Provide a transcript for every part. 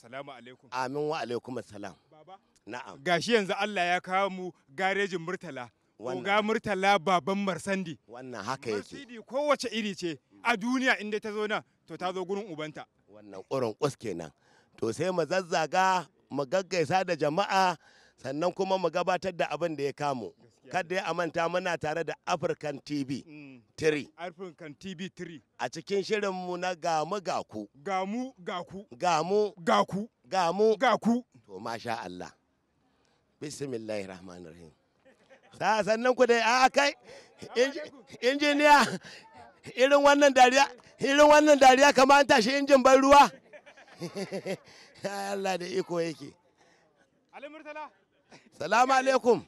Assalamu alaikum. Amin wa alaikum assalam. Baba. Na'am. Gashi yanzu Allah ya kawo mu garejin Murtala. Oga Murtala baban Marsandi. Wannan haka yake. Marsidi kowace iri ce a duniya inda ta zo nan to ta zo gurin ubanta. Wannan ƙurin ƙus kenan. To sai mu zazzaga mu gaggaisa da jama'a sannan kuma mu gabatar da abin da ya kamo kada ya amanta muna tare da african tv 3 mm. african tv 3 a cikin shirinmu na gamu gaku gamu gaku gamu gaku gamu gaku to masha Allah bismillahir rahmanir rahim sa sannan ku dai a kai injiniya irin wannan dariya irin wannan dariya kamar an tashi injin ban ruwa Allah da iko yake Ali Murtala salamu alaikum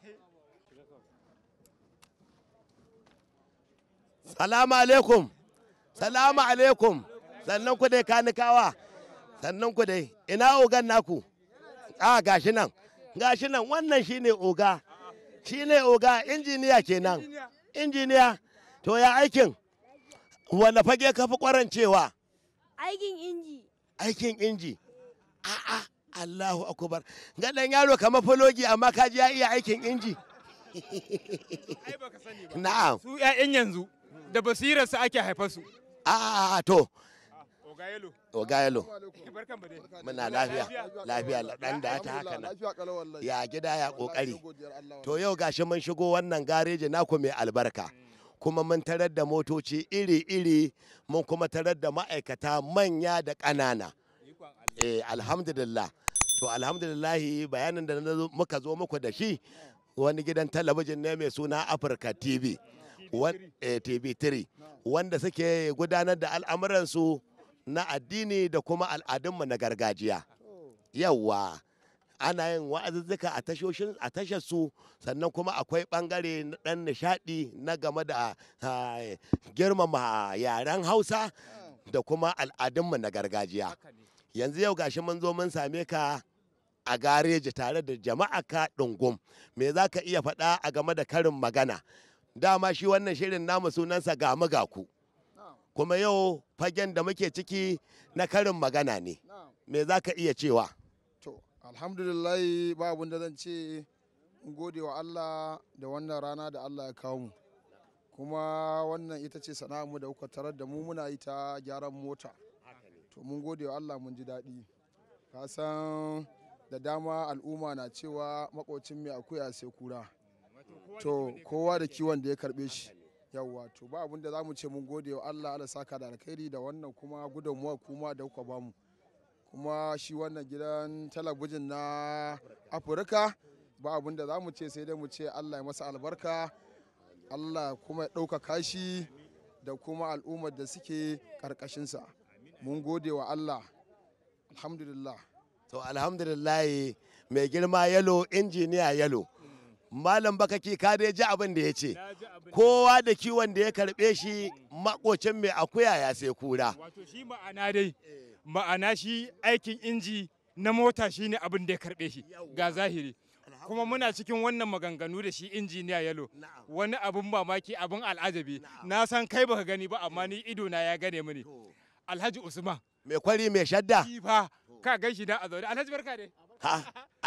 salamu alaikum salamu alaikum sannan ku dai kanikawa sannan ku dai ina ogan naku a gashi nan gashi nan wannan shine oga shine oga injiniya kenan injiniya to ya aikin wanda fage ka fi kwarancewa aikin inji aikin inji a'a Allahu akubar ga dan yaro kamar fologi amma ka ji ya iya aikin inji na'am su ƴaƴan yanzu da basirar su ake haifar su a to ah, Ogayelo. Muna lafiya, lafiya dan da ta haka nan. Ya gida ya kokari. To yau gashi mun shigo wannan gareji naku mai albarka. kuma mun tarar da motoci iri-iri mun kuma tarar da ma'aikata manya da ƙanana. Eh, alhamdulillah. to alhamdulillahi bayanin da muka zo muku da shi wani gidan talabijin ne mai suna Afirka TV eh, TV3 wanda suke gudanar da al'amuransu na addini da kuma al'adunmu na gargajiya yawwa ana yin wa'azuzzuka a tashoshin a tasharsu sannan kuma akwai bangare na dan nishadi na game da girmama yaren hausa da kuma al'adunmu na gargajiya yanzu yau gashi mun zo mun same ka a gareji tare da jama'a ka ɗungum me za ka iya faɗa a game da karin magana dama shi wannan shirin namu sunansa ga ku kuma yau fagen da muke ciki na karin magana ne me za ka iya cewa to alhamdulillah ba abin da zan ce gode wa Allah da wannan rana da Allah ya kawo mu kuma wannan ita ce sana'armu da kuka tarar da mu muna yi ta gyaran mota to mun gode wa Allah mun ji daɗi ka san da dama al'umma na cewa makocin mai akuya sai kura to kowa da kiwon da ya karbe shi yawwa to ba abin da za mu ce mun gode wa Allah Allah saka da alkhairi da wannan kuma gudunmuwa kuma da kuka bamu kuma shi wannan gidan talabijin na afirka ba abin da za mu ce sai dai mu ce Allah ya masa albarka Allah kuma ya ɗaukaka shi da kuma al'ummar da suke karkashinsa mun gode wa Allah alhamdulillah to alhamdulillah mai girma yalo injiniya yalo malam bakaki ka dai ji abin da ya ce kowa da kiwon da ya karbe shi makocin mai akuya ya sai kura wato shi ma'ana dai ma'ana shi aikin inji na mota shi ne abin da ya karbe shi ga zahiri kuma muna cikin wannan maganganu da shi injiniya yalo wani abin mamaki abin al'ajabi na san kai baka gani ba amma eh. ni ido na ya gane mini alhaji usman mai kwari mai shadda ka gan shi da a zaune alhaji barka ne ha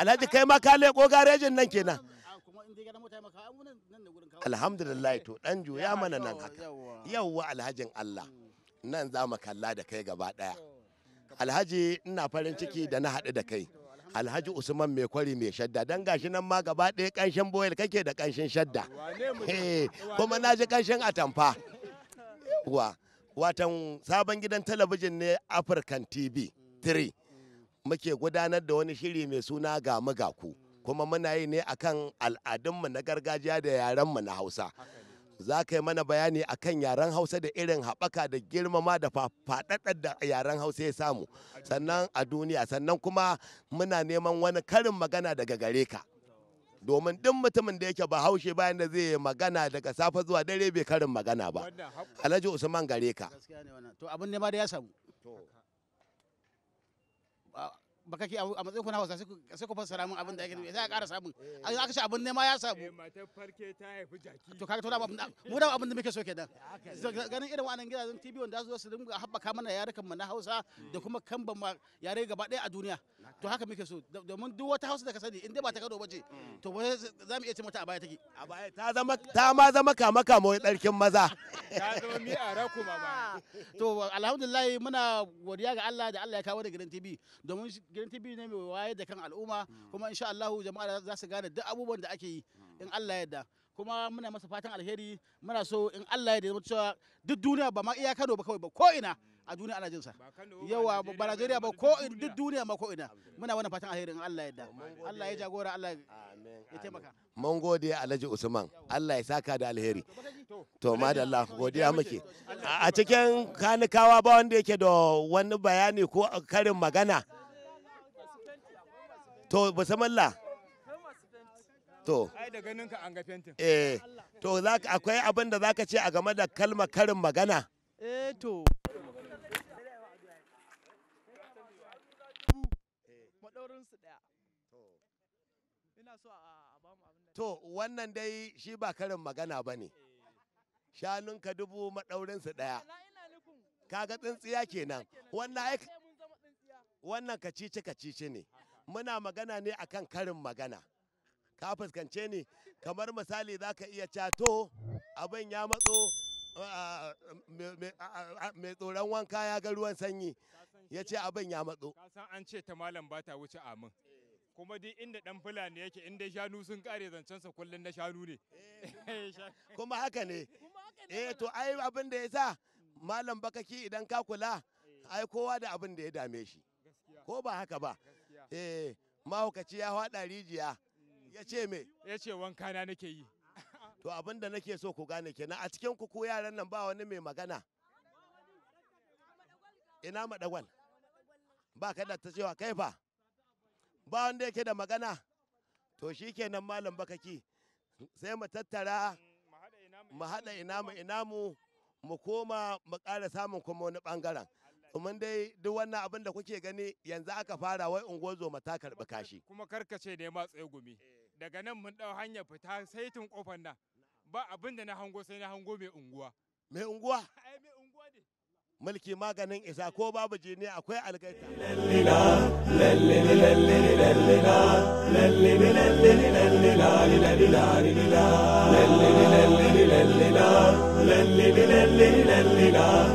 alhaji kai ma ka leko garejin nan kenan alhamdulillah to dan juya mana nan haka yawwa alhajin Allah mm. nan za mu kalla da kai gaba daya alhaji ina farin ciki da na haɗu da kai alhaji usman mai kwari mai shadda don gashi nan ma gaba ɗaya ƙanshin boyel kake da ƙanshin shadda kuma na ji ƙanshin atamfa wa watan sabon gidan talabijin ne african tv 3 muke gudanar da wani shiri mai suna ga ku kuma muna yi ne akan al'adunmu na gargajiya da yarenmu na hausa za ka yi mana bayani akan yaren hausa da irin haɓaka da girmama da faɗaɗar da yaren hausa ya samu sannan a duniya sannan kuma muna neman wani karin magana daga gare ka domin duk mutumin da yake bahaushe bayan da zai magana daga safe zuwa dare bai karin magana ba alhaji usman gare ka bakaki a matsayin ku na Hausa sai ku fassara min abin da yake nufi sai a ƙara samun eh. an aka ce abin ne ma ya samu eh, matar farke ta haifi jaki to kaga to da mu da abin da muke so kenan ganin irin wannan gidajen TV wanda za su dinga haɓaka mana yarukan mu na Hausa da hmm. kuma kan ban yare gaba ɗaya a duniya to haka muke so domin duk wata hausa da ka sani in dai ba ta gado bace to ba za mu iya ce mata a baya take a baya ta zama ta ma zama kama kama wai darkin maza ta zama mi a raku ma ba to alhamdulillah muna godiya ga Allah da Allah ya kawo da gidan TV domin gidan TV ne mai waye da kan al'umma kuma insha Allah jama'a za su gane duk abubuwan da ake yi in Allah yarda kuma muna masa fatan alheri muna so in Allah ya yarda cewa duk duniya ba ma iya Kano ba kawai ba ko ina a duniya ana jinsa yawa ba Najeriya ba ko duk duniya ma ko ina muna wannan fatan alherin Allah ya da Allah ya jagora Allah ya taimaka mun gode Alhaji Usman Allah ya saka da alheri to madalla godiya muke a cikin kanikawa ba wanda yake da wani bayani ko karin magana to basamalla to eh to akwai abin da zaka ce a game da kalmar karin magana eh to to wannan dai shi ba karin magana ba ne eh. shanunka dubu maɗaurinsu ɗaya kaga tsintsiya kenan wannan wannan kacici kacici ne muna magana ne akan karin magana ka fuskance ni kamar misali za ka iya cato abin ya matso mai tsoron wanka ya ga ruwan sanyi ya ce abin ya matso. an ce ta malam ba wuce amin. Eh. kuma duk inda dan fulani yake inda shanu sun kare zancensa kullum na shanu ne eh, kuma haka ne eh to ai abin da ya sa malam bakaki idan ka kula eh. ai kowa da abin da ya dame shi ko ba haka ba eh mahaukaci ya hada rijiya mm. ya ce me ya ce wanka na nake yi to abin da nake so ku gane kenan a cikin ku ko yaran nan ba wani mai magana ina madagwal ba ka da ta cewa kai fa ba wanda yake da magana to shi kenan malam bakaki sai mu tattara mu haɗa inamu inamu mu koma mu ƙara samun kuma wani ɓangaren domin dai duk wannan abin da kuke gani yanzu aka fara wai ungozo ta karɓi kashi kuma karkace ne ma tsaye gumi eh. daga nan mun ɗau hanyar fita saitin kofar nan ba abin da na hango sai na hango mai unguwa mai unguwa mulki maganin isa ko babu jini akwai algaita lallina